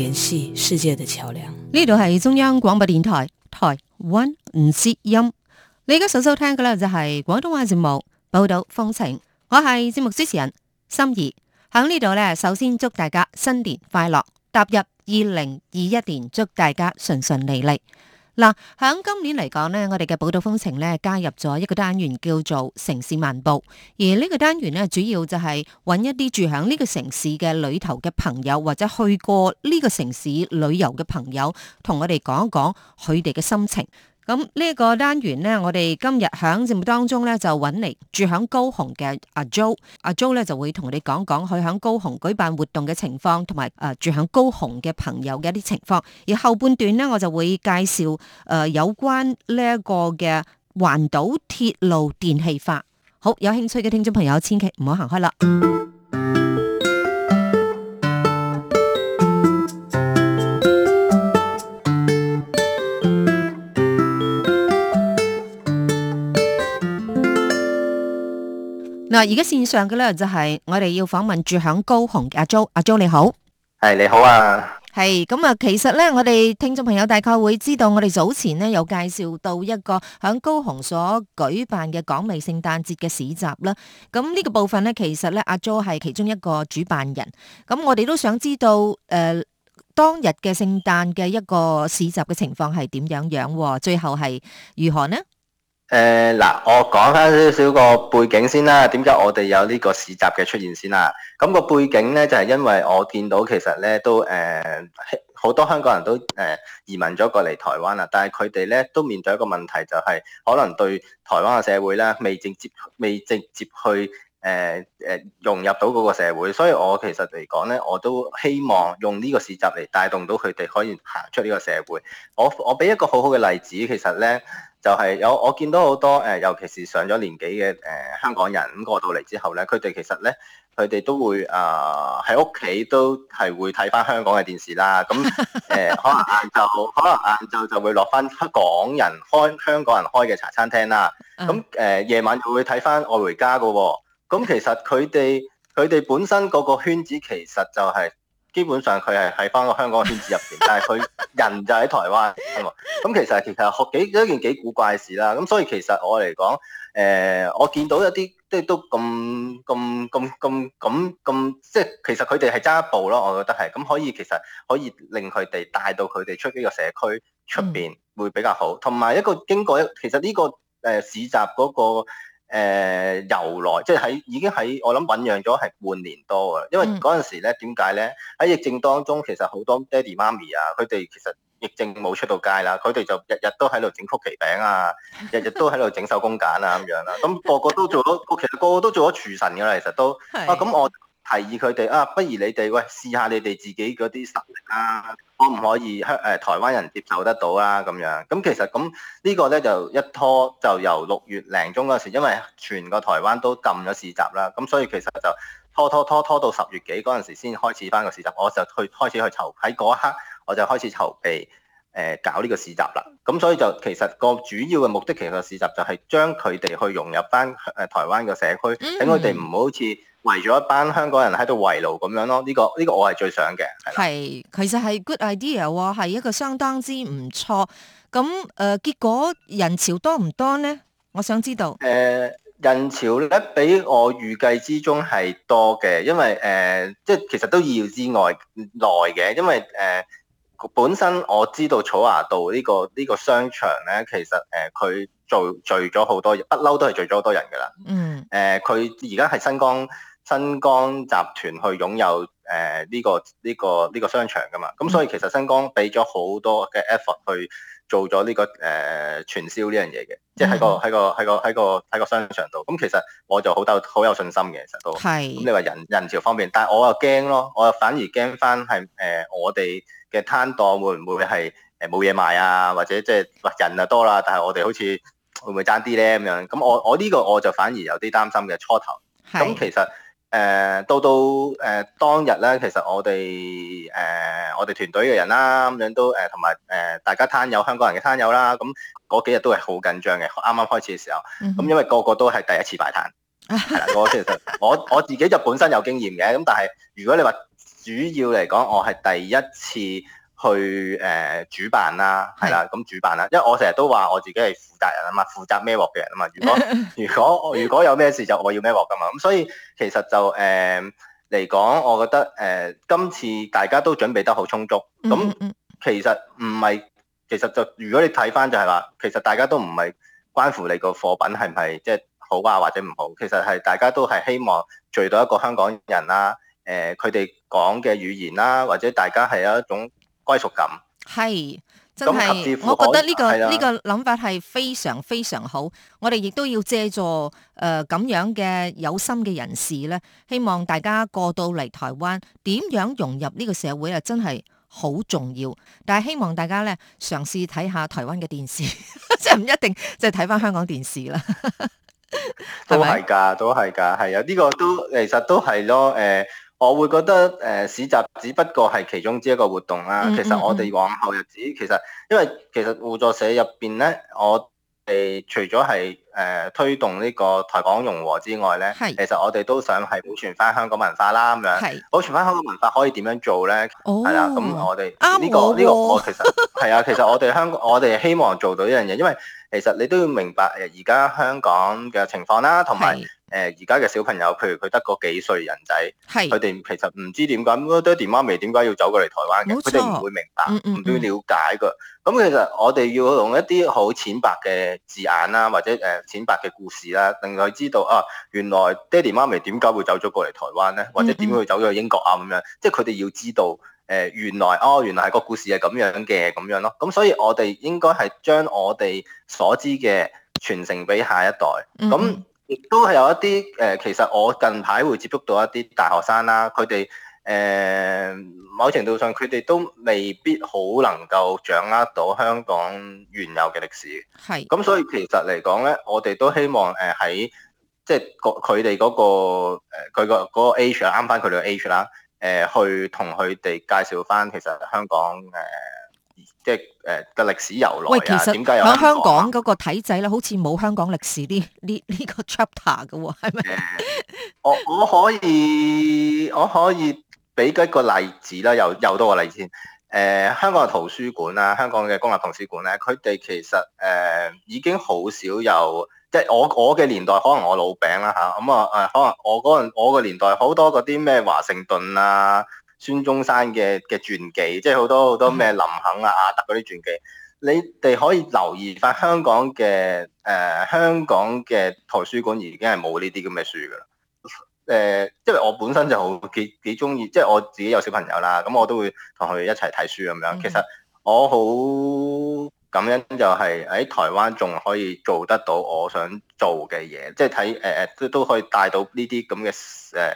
聯繫世界的橋樑，呢度係中央廣播電台台灣之音。你而家所收聽嘅咧就係廣東話節目報道風情，我係節目主持人心儀。喺呢度咧，首先祝大家新年快樂，踏入二零二一年，祝大家順順利利。嗱，喺今年嚟講呢，我哋嘅寶島風情呢，加入咗一個單元，叫做城市漫步。而呢個單元呢，主要就係揾一啲住喺呢個城市嘅旅遊嘅朋友，或者去過呢個城市旅遊嘅朋友，同我哋講一講佢哋嘅心情。咁呢一個單元呢，我哋今日喺節目當中呢，就揾嚟住響高雄嘅阿、啊、Joe，阿、啊、Joe 呢，就會同你哋講講佢響高雄舉辦活動嘅情況，同埋誒住響高雄嘅朋友嘅一啲情況。而後半段呢，我就會介紹誒、呃、有關呢一個嘅環島鐵路電氣化。好有興趣嘅聽眾朋友，千祈唔好行開啦。而家線上嘅咧就係我哋要訪問住響高雄嘅阿 Jo。阿 Jo 你好。係，你好啊。係咁啊，其實咧我哋聽眾朋友大概會知道，我哋早前呢有介紹到一個響高雄所舉辦嘅港味聖誕節嘅市集啦。咁、嗯、呢、呢個部分呢，其實咧阿 Jo 係其中一個主辦人。咁、嗯、我哋都想知道誒、呃，當日嘅聖誕嘅一個市集嘅情況係點樣樣、哦，最後係如何呢？誒嗱、呃，我講翻少少個背景先啦。點解我哋有呢個市集嘅出現先啦？咁、嗯那個背景呢，就係、是、因為我見到其實呢都誒，好、呃、多香港人都誒、呃、移民咗過嚟台灣啦。但係佢哋呢都面對一個問題、就是，就係可能對台灣嘅社會呢未直接，未直接去。誒誒、呃、融入到嗰個社會，所以我其實嚟講咧，我都希望用呢個市集嚟帶動到佢哋可以行出呢個社會。我我俾一個好好嘅例子，其實咧就係、是、有我見到好多誒、呃，尤其是上咗年紀嘅誒香港人咁過到嚟之後咧，佢哋其實咧佢哋都會啊喺屋企都係會睇翻香港嘅電視啦。咁誒可能晏晝，可能晏晝 就會落翻香港人開香港人開嘅茶餐廳啦。咁誒夜晚就會睇翻愛回家噶喎、哦。咁其實佢哋佢哋本身嗰個圈子其實就係基本上佢係喺返個香港圈子入邊， 但係佢人就喺台灣咁 其實其實係幾一件幾古怪事啦。咁所以其實我嚟講，誒、呃、我見到一啲即係都咁咁咁咁咁咁即係其實佢哋係差一步咯。我覺得係咁可以，其實可以令佢哋帶到佢哋出呢個社區出邊會比較好，同埋、嗯、一個經過一其實呢、這個誒、呃、市集嗰、那個。誒、呃、由來即係喺已經喺我諗醞釀咗係半年多啊，因為嗰陣時咧點解咧喺疫症當中，其實好多爹地媽咪啊，佢哋其實疫症冇出到街啦，佢哋就日日都喺度整曲奇餅啊，日日都喺度整手工梘啊咁樣啦、啊，咁、嗯、個個都做咗，其實個個都做咗廚神噶啦，其實都啊咁我，嗯提議佢哋啊，不如你哋喂試下你哋自己嗰啲實力啊，可唔可以誒台灣人接受得到啊咁樣？咁其實咁、這個、呢個咧就一拖就由六月零鐘嗰陣時，因為全個台灣都禁咗市集啦，咁所以其實就拖拖拖拖到十月幾嗰陣時先開始翻個市集，我就去開始去籌喺嗰一刻，我就開始籌備誒、呃、搞呢個市集啦。咁所以就其實個主要嘅目的其實市集就係將佢哋去融入翻誒台灣嘅社區，等佢哋唔好好似。圍咗一班香港人喺度圍爐咁樣咯，呢、這個呢、這個我係最想嘅係。其實係 good idea，係、哦、一個相當之唔錯咁。誒、呃，結果人潮多唔多呢？我想知道。誒、呃，人潮咧比我預計之中係多嘅，因為誒、呃，即係其實都意料之外耐嘅，因為誒、呃、本身我知道草衙道呢、這個呢、這個商場呢，其實誒佢、呃、做聚咗好多，不嬲都係聚咗好多人㗎喇。嗯。誒、呃，佢而家係新光。新光集團去擁有誒、呢、呢個呢、呢個呢、呢個商場㗎嘛，咁所以其實新光俾咗好多嘅 effort 去做咗呢、呢個誒、呃、傳銷呢樣嘢嘅，即係喺個喺個喺個喺個喺個商場度。咁其實我就好有好有信心嘅，其實都。係。咁你話人人潮方面，但係我又驚咯，我又反而驚翻係誒我哋嘅攤檔會唔會係誒冇嘢賣啊？或者即係人就多啦，但係我哋好似會唔會爭啲咧咁樣？咁我我呢個我就反而有啲擔心嘅初頭。咁其實。誒、呃，到到誒、呃、當日咧，其實我哋誒、呃、我哋團隊嘅人啦，咁樣都誒同埋誒大家攤友香港人嘅攤友啦，咁、嗯、嗰幾日都係好緊張嘅，啱啱開始嘅時候，咁、嗯、哼因為個個都係第一次擺攤，係啦， 我其實我我自己就本身有經驗嘅，咁但係如果你話主要嚟講，我係第一次。去誒、呃、主辦啦，係啦，咁主辦啦，因為我成日都話我自己係負責人啊嘛，負責孭鑊嘅人啊嘛，如果如果 如果有咩事就我要孭鑊㗎嘛，咁所以其實就誒嚟、呃、講，我覺得誒、呃、今次大家都準備得好充足，咁其實唔係，其實就如果你睇返就係、是、話，其實大家都唔係關乎你個貨品係唔係即係好啊或者唔好，其實係大家都係希望聚到一個香港人啦、啊，誒佢哋講嘅語言啦、啊，或者大家係有一種。歸屬感係真係，我覺得呢、這個呢的個諗法係非常非常好。我哋亦都要借助誒咁、呃、樣嘅有心嘅人士咧，希望大家過到嚟台灣，點樣融入呢個社會啊，真係好重要。但係希望大家咧嘗試睇下台灣嘅電視，即係唔一定即係睇翻香港電視啦 吧。都係噶，都係噶，係啊，呢個都其實都係咯，誒、呃。我會覺得，誒、呃，市集只不過係其中之一個活動啦、啊。嗯嗯嗯其實我哋往後日子，其實因為其實互助社入邊咧，我哋除咗係誒推動呢個台港融和之外咧，是其實我哋都想係保存翻香港文化啦。咁樣是，保存翻香港文化可以點樣做咧？係啦、哦，咁、啊、我哋呢、這個呢、哦這個這個我其實係啊， 其實我哋香港，我哋希望做到呢樣嘢，因為。其實你都要明白誒，而家香港嘅情況啦，同埋誒而家嘅小朋友，譬如佢得個幾歲人仔，佢哋是其實唔知點解，爹哋媽咪點解要走過嚟台灣嘅，佢哋唔會明白，唔會、嗯嗯嗯、了解嘅。咁其實我哋要用一啲好淺白嘅字眼啦，或者誒、呃、淺白嘅故事啦，令佢知道啊，原來爹哋媽咪點解會走咗過嚟台灣咧，或者點會走咗去英國啊咁樣，即係佢哋要知道。誒、呃、原來哦，原來係個故事係咁樣嘅，咁樣咯。咁所以我哋應該係將我哋所知嘅傳承俾下一代。咁亦、嗯嗯、都係有一啲誒、呃，其實我近排會接觸到一啲大學生啦，佢哋誒某程度上佢哋都未必好能夠掌握到香港原有嘅歷史。係的。咁所以其實嚟講咧，我哋都希望誒喺、呃、即係佢哋嗰個佢個嗰個 age 啱翻佢哋嘅 age 啦。呃誒去同佢哋介紹翻其實香港誒，即係誒嘅歷史由來啦、啊。其實點解有，喺香港嗰個體制咧，好似冇香港歷史呢呢呢個 chapter 嘅喎、哦？係咪？ 我我可以我可以俾一個例子啦，又又多個例子先。誒、呃、香港嘅圖書館啦、啊，香港嘅公立圖書館咧、啊，佢哋其實誒、呃、已經好少有，即係我我嘅年代，可能我老餅啦、啊、嚇，咁啊誒，可能我嗰陣我個年代好多嗰啲咩華盛頓啊、孫中山嘅嘅傳記，即係好多好多咩林肯啊、亞特嗰啲傳記，嗯、你哋可以留意翻香港嘅誒、呃、香港嘅圖書館已經係冇呢啲咁嘅書㗎啦。誒，即係、呃、我本身就好幾幾中意，即係我自己有小朋友啦，咁我都會同佢一齊睇書咁樣。其實我好感恩，就係喺台灣仲可以做得到我想做嘅嘢，即係睇誒誒都都可以帶到呢啲咁嘅誒誒誒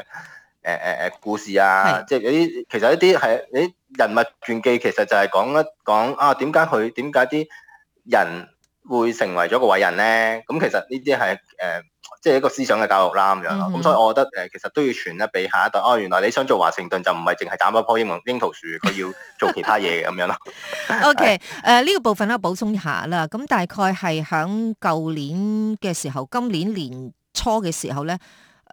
誒故事啊，是的 即係有啲其實一啲係你人物傳記其實就係講一講啊，點解佢點解啲人會成為咗個偉人咧，咁其實呢啲係誒，即係一個思想嘅教育啦咁樣咯。咁、嗯、所以我覺得誒，其實都要傳得俾下一代。哦，原來你想做華盛頓就唔係淨係斬一棵櫻桃櫻桃樹，佢 要做其他嘢嘅咁樣啦 OK，誒呢、 uh，個部分咧補充一下啦。咁大概係響舊年嘅時候，今年年初嘅時候咧。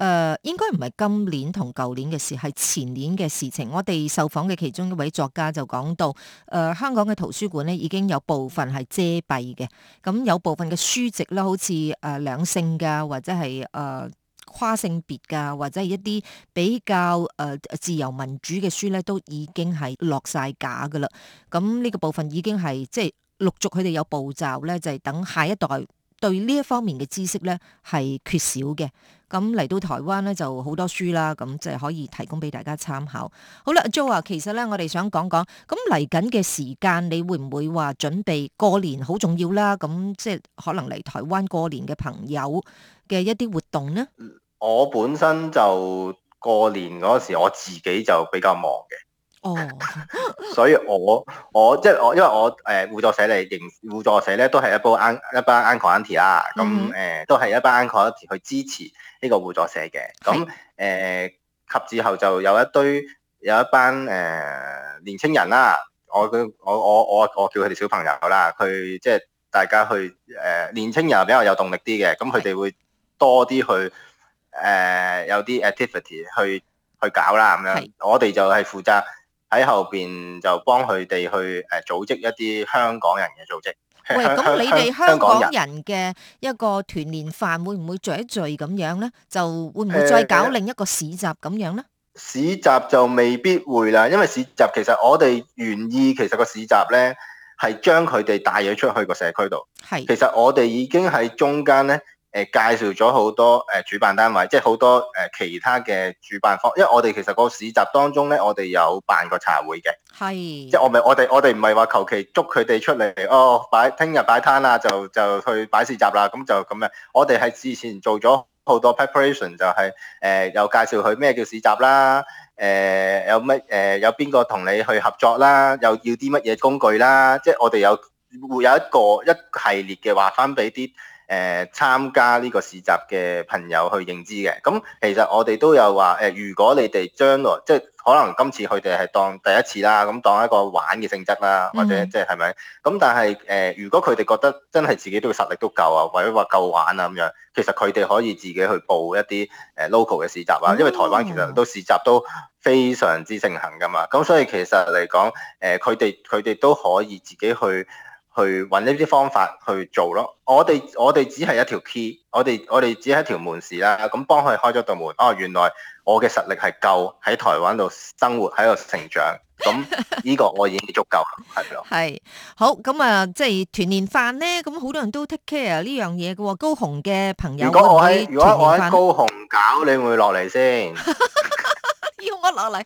誒應該唔係今年同舊年嘅事，係前年嘅事情。我哋受訪嘅其中一位作家就講到，誒、呃、香港嘅圖書館咧已經有部分係遮蔽嘅，咁有部分嘅書籍咧，好似誒兩性噶，或者係誒、呃、跨性別噶，或者係一啲比較誒、呃、自由民主嘅書咧，都已經係落晒架噶啦。咁呢個部分已經係即係陸續佢哋有步驟咧，就係、是、等下一代。對呢一方面嘅知識呢係缺少嘅，咁嚟到台灣呢，就好多書啦，咁即係可以提供俾大家參考。好啦，Joe 啊，其實呢，我哋想講講，咁嚟緊嘅時間你會唔會話準備過年好重要啦？咁即係可能嚟台灣過年嘅朋友嘅一啲活動呢？我本身就過年嗰時我自己就比較忙嘅。哦，oh. 所以我我即係我，因為我誒互助社嚟，互助社咧都係一班、mm hmm. 嗯、一班 uncle auntie 啦，咁誒都係一班 uncle auntie 去支持呢個互助社嘅，咁、嗯、誒是、呃、及之後就有一堆有一班誒、呃、年青人啦，我我我我我叫佢哋小朋友好啦，佢即係大家去誒、呃、年青人比較有動力啲嘅，咁佢哋會多啲去誒、呃、有啲 activity 去去搞啦，咁樣我哋就係負責。是 喺後邊就幫佢哋去誒組織一啲香港人嘅組織。喂，咁你哋香港人嘅一個團年飯會唔會聚一聚咁樣咧？就會唔會再搞另一個市集咁樣咧？欸、市集就未必會啦，因為市集其實我哋原意其實個市集咧係將佢哋帶咗出去個社區度。係的，其實我哋已經喺中間咧。誒介紹咗好多誒、呃、主辦單位，即係好多誒、呃、其他嘅主辦方，因為我哋其實個市集當中咧，我哋有辦過茶會嘅，係是，即係我唔我哋我哋唔係話求其捉佢哋出嚟哦，擺聽日擺攤啦，就就去擺市集啦，咁、嗯、就咁樣。我哋係事前做咗好多 preparation，就係、是、誒、呃、又介紹佢咩叫市集啦，誒、呃、有乜誒、呃、有邊個同你去合作啦，又要啲乜嘢工具啦，即係我哋有會有一個一系列嘅話翻俾啲。誒參加呢個市集嘅朋友去認知嘅，咁其實我哋都有話誒，如果你哋將來即係可能今次佢哋係當第一次啦，咁當一個玩嘅性質啦，嗯、或者即係係咪？咁但係誒、呃，如果佢哋覺得真係自己都會實力都夠啊，或者話夠玩啊咁樣，其實佢哋可以自己去報一啲誒、呃、local 嘅市集啊，嗯、因為台灣其實都市集都非常之盛行噶嘛，咁所以其實嚟講，誒佢哋佢哋都可以自己去。去搵呢啲方法去做咯，我哋我哋只係一條 key，我哋我哋只係一條門匙啦，咁幫佢開咗道門，哦，原來我嘅實力係夠喺台灣度生活喺度成長，咁呢個我已經足夠係咪？係 了好，咁啊，即係團年飯咧，咁好多人都 take care 呢樣嘢嘅喎，高雄嘅朋友如，如果我喺如果我喺高雄搞，你會唔會落嚟先？ 要我落嚟？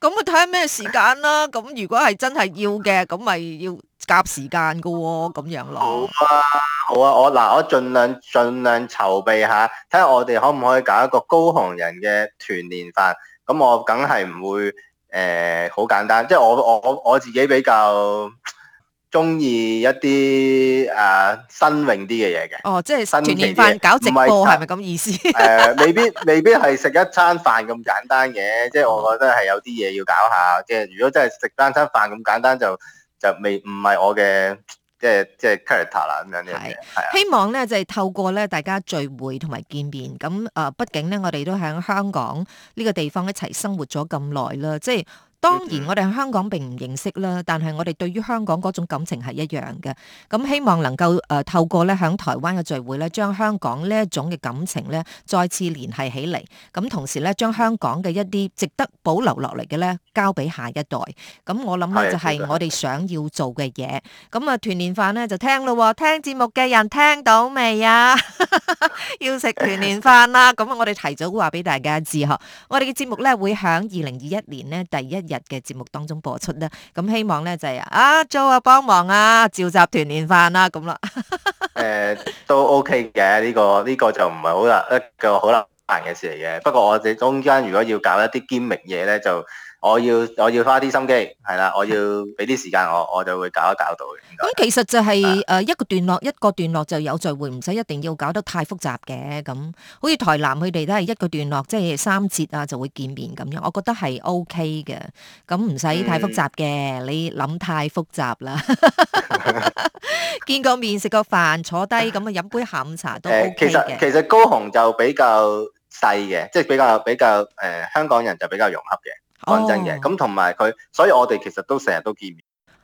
咁啊睇下咩時間啦，咁如果係真係要嘅，咁咪要。夾時間噶、哦，咁樣咯。好啊，好啊，我嗱，我盡量盡量籌備下，睇下我哋可唔可以搞一個高雄人嘅團年飯。咁我梗係唔會誒，好、呃、簡單。即係我我我自己比較中意一啲誒、啊、新穎啲嘅嘢嘅。哦，即係團年飯搞直播係咪咁意思？誒、 呃，未必未必係食一餐飯咁簡單嘅。即係我覺得係有啲嘢要搞下。即係如果真係食單餐飯咁簡單就。就未唔係我嘅即係即係 character 啦咁樣嘅，係是的希望咧就係、是、透過咧大家聚會同埋見面，咁啊畢竟咧我哋都喺香港呢個地方一齊生活咗咁耐啦，即係。當然我哋喺香港並唔認識啦，但係我哋對於香港嗰種感情係一樣嘅。咁希望能夠誒、呃、透過咧喺台灣嘅聚會咧，將香港呢一種嘅感情咧再次聯繫起嚟。咁同時咧，將香港嘅一啲值得保留落嚟嘅咧，交俾下一代。咁我諗咧就係我哋想要做嘅嘢。咁啊，團年飯咧就聽咯，聽節目嘅人聽到未啊？ 要食團年飯啦！咁 我哋提早話俾大家知嗬，我哋嘅節目咧會喺二零二一年呢。年第一。日嘅節目當中播出啦，咁希望咧就係、是、阿 JOE 啊幫忙啊召集團年飯啦咁啦。誒、 呃，都 OK 嘅呢、這個呢、這個就唔係好難一個好難嘅事嚟嘅。不過我哋中間如果要搞一啲簽明嘢咧，就～我要我要花啲心機係啦，我要俾啲時間我，我就會搞一搞到嘅。咁其實就係誒一個段落，一個段落就有聚會，唔使一定要搞得太複雜嘅。咁好似台南佢哋都係一個段落，即係三節啊就會見面咁樣，我覺得係 OK 嘅。咁唔使太複雜嘅，你諗太複雜啦。見個面食個飯坐低咁啊，飲杯下午茶都 OK 嘅。其實其實高雄就比較細嘅，即係比較比較誒香港人就比較融洽嘅。講真嘅，咁同埋佢，所以我哋其實都成日都見面。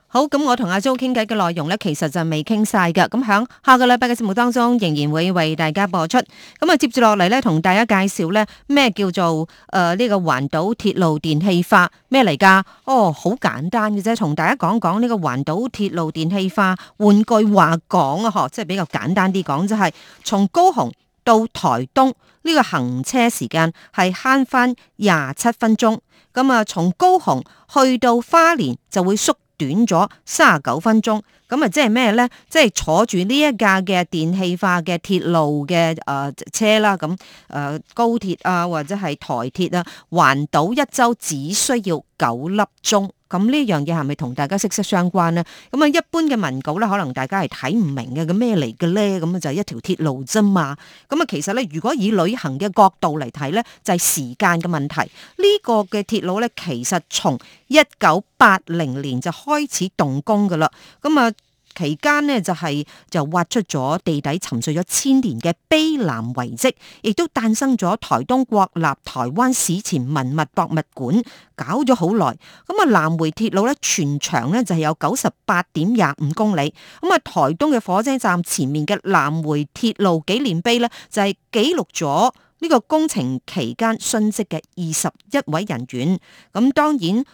好，咁我同阿 JOE 傾偈嘅內容咧，其實就未傾晒㗎。咁響下個禮拜嘅節目當中，仍然會為大家播出。咁啊，接住落嚟呢，同大家介紹呢咩叫做誒呢、呃這個環島鐵路電氣化咩嚟噶？哦，好簡單嘅啫，同大家講講呢個環島鐵路電氣化。換句話講啊，即係比較簡單啲講，就係、是、從高雄到台東呢、這個行車時間係慳翻廿七分鐘。咁啊，從高雄去到花蓮就會縮短咗三十九分鐘。咁啊，即係咩咧？即係坐住呢一架嘅電氣化嘅鐵路嘅誒、呃、車啦。咁、呃、誒，高鐵啊，或者係台鐵啊，環島一周只需要九粒鐘。咁呢樣嘢係咪同大家息息相關呢？咁啊，一般嘅文稿咧，可能大家係睇唔明嘅。咁咩嚟嘅咧？咁啊，就係一條鐵路啫嘛。咁啊，其實咧，如果以旅行嘅角度嚟睇咧，就係時間嘅問題。呢個嘅鐵路咧，其實從一九八零年就開始動工噶啦。咁啊。期間呢，就係就挖出咗地底沉睡咗千年嘅卑南遺迹，亦都誕生咗台東國立台灣史前文物博物館。搞咗好耐，咁啊南迴鐵路呢，全長呢，就係有九十八點廿五公里，咁啊台東嘅火車站前面嘅南迴鐵路紀念碑呢，就係記錄咗。呢個工程期間殉職嘅二十一位人員，咁當然誒，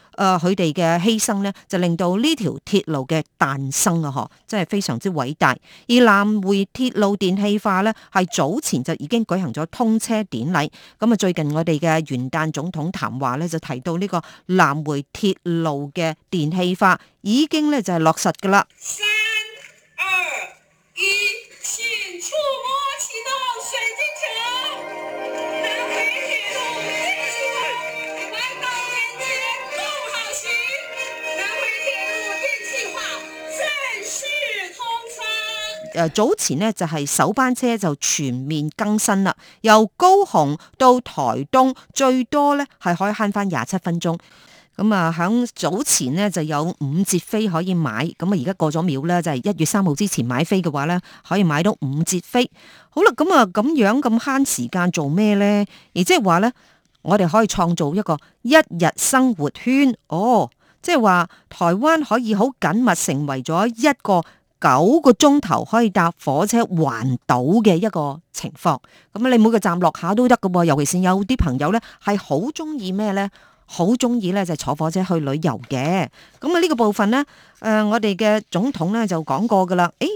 佢哋嘅犧牲呢，就令到呢條鐵路嘅誕生啊！嗬，真係非常之偉大。而南回鐵路電氣化呢，係早前就已經舉行咗通車典禮。咁啊，最近我哋嘅元旦總統談話呢，就提到呢個南回鐵路嘅電氣化已經呢，就係、是、落實噶啦。三二一，誒，早前咧就係首班車就全面更新啦，由高雄到台東最多咧係可以慳翻廿七分鐘。咁啊，響早前咧就有五折飛可以買，咁啊而家過咗秒啦，就係、是、一月三號之前買飛嘅話咧，可以買到五折飛。好啦，咁啊咁樣咁慳時間做咩咧？而即係話咧，我哋可以創造一個一日生活圈。哦，即係話台灣可以好緊密成為咗一個。九個鐘頭可以搭火車環島嘅一個情況，咁啊你每個站落下都得噶喎，尤其是有啲朋友咧係好中意咩咧，好中意咧就坐火車去旅遊嘅。咁啊呢個部分咧，誒、呃、我哋嘅總統咧就講過噶啦，誒、欸、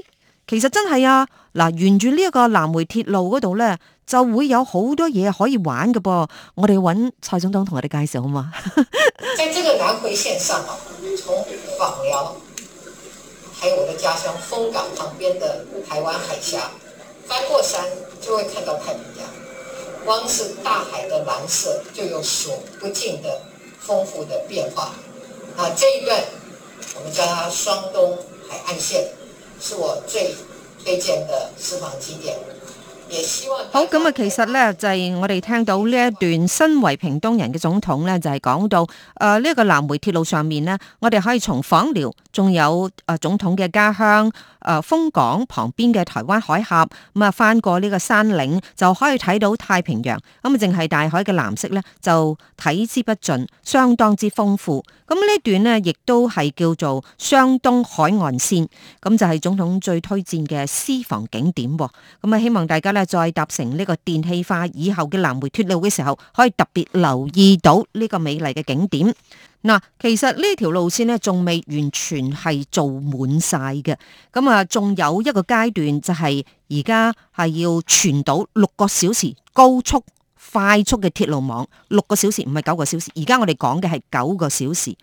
其實真係啊，嗱沿住呢一個南回鐵路嗰度咧，就會有好多嘢可以玩噶噃。我哋搵蔡總統同我哋介紹好嘛？ 在這個南回線上啊，從枋寮。還有我的家鄉，楓港旁邊的台灣海峽，翻過山就會看到太平洋。光是大海的藍色就有數不盡的豐富的變化。啊，這一段我們叫它雙東海岸線，是我最推薦的私房景點。好咁啊！其實呢，就係、是、我哋聽到呢一段，身為屏東人嘅總統呢，就係、是、講到誒呢一個南回鐵路上面呢，我哋可以從枋寮，仲有誒、啊、總統嘅家鄉誒楓、啊、港旁邊嘅台灣海峽，咁、嗯、啊翻過呢個山嶺就可以睇到太平洋，咁啊淨係大海嘅藍色呢，就睇之不盡，相當之豐富。咁、嗯、呢段呢，亦都係叫做雙東海岸線，咁、嗯、就係、是、總統最推薦嘅私房景點、哦。咁、嗯、啊，希望大家。再搭乘呢個電氣化以後嘅南回鐵路嘅時候，可以特別留意到呢個美麗嘅景點。嗱，其實呢條路線咧仲未完全係做滿晒嘅，咁啊，仲有一個階段就係而家係要全島六個小時高速快速嘅鐵路網，六個小時唔係九個小時，而家我哋講嘅係九個小時。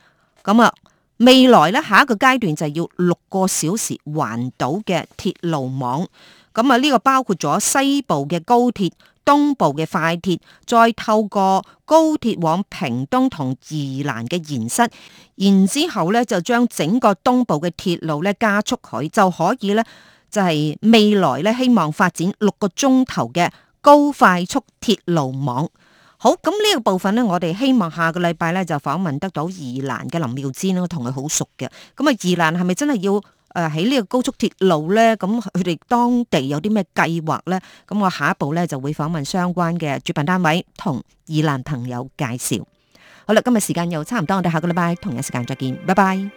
咁啊，未來呢下一個階段就係要六個小時環島嘅鐵路網。咁啊，呢個包括咗西部嘅高鐵、東部嘅快鐵，再透過高鐵往屏東同宜蘭嘅延伸，然之後呢就將整個東部嘅鐵路呢加速佢，就可以呢，就係未來呢希望發展六個鐘頭嘅高快速鐵路網。好，咁呢個部分呢，我哋希望下個禮拜呢，就訪問得到宜蘭嘅林妙芝啦，同佢好熟嘅。咁啊，宜蘭係咪真係要？誒，喺呢個高速鐵路呢，咁佢哋當地有啲咩計劃呢？咁我下一步呢，就會訪問相關嘅主辦單位同二南朋友介紹。好啦，今日時間又差唔多，我哋下個禮拜同一時間再見，拜拜。